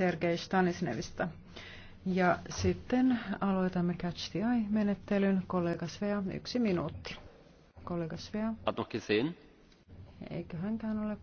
Sergei Stanisnevista. Ja sitten aloitamme Catch the Eye-menettelyn. Kollega Svea, yksi minuutti. Kollega Svea. Eiköhän hänkään ole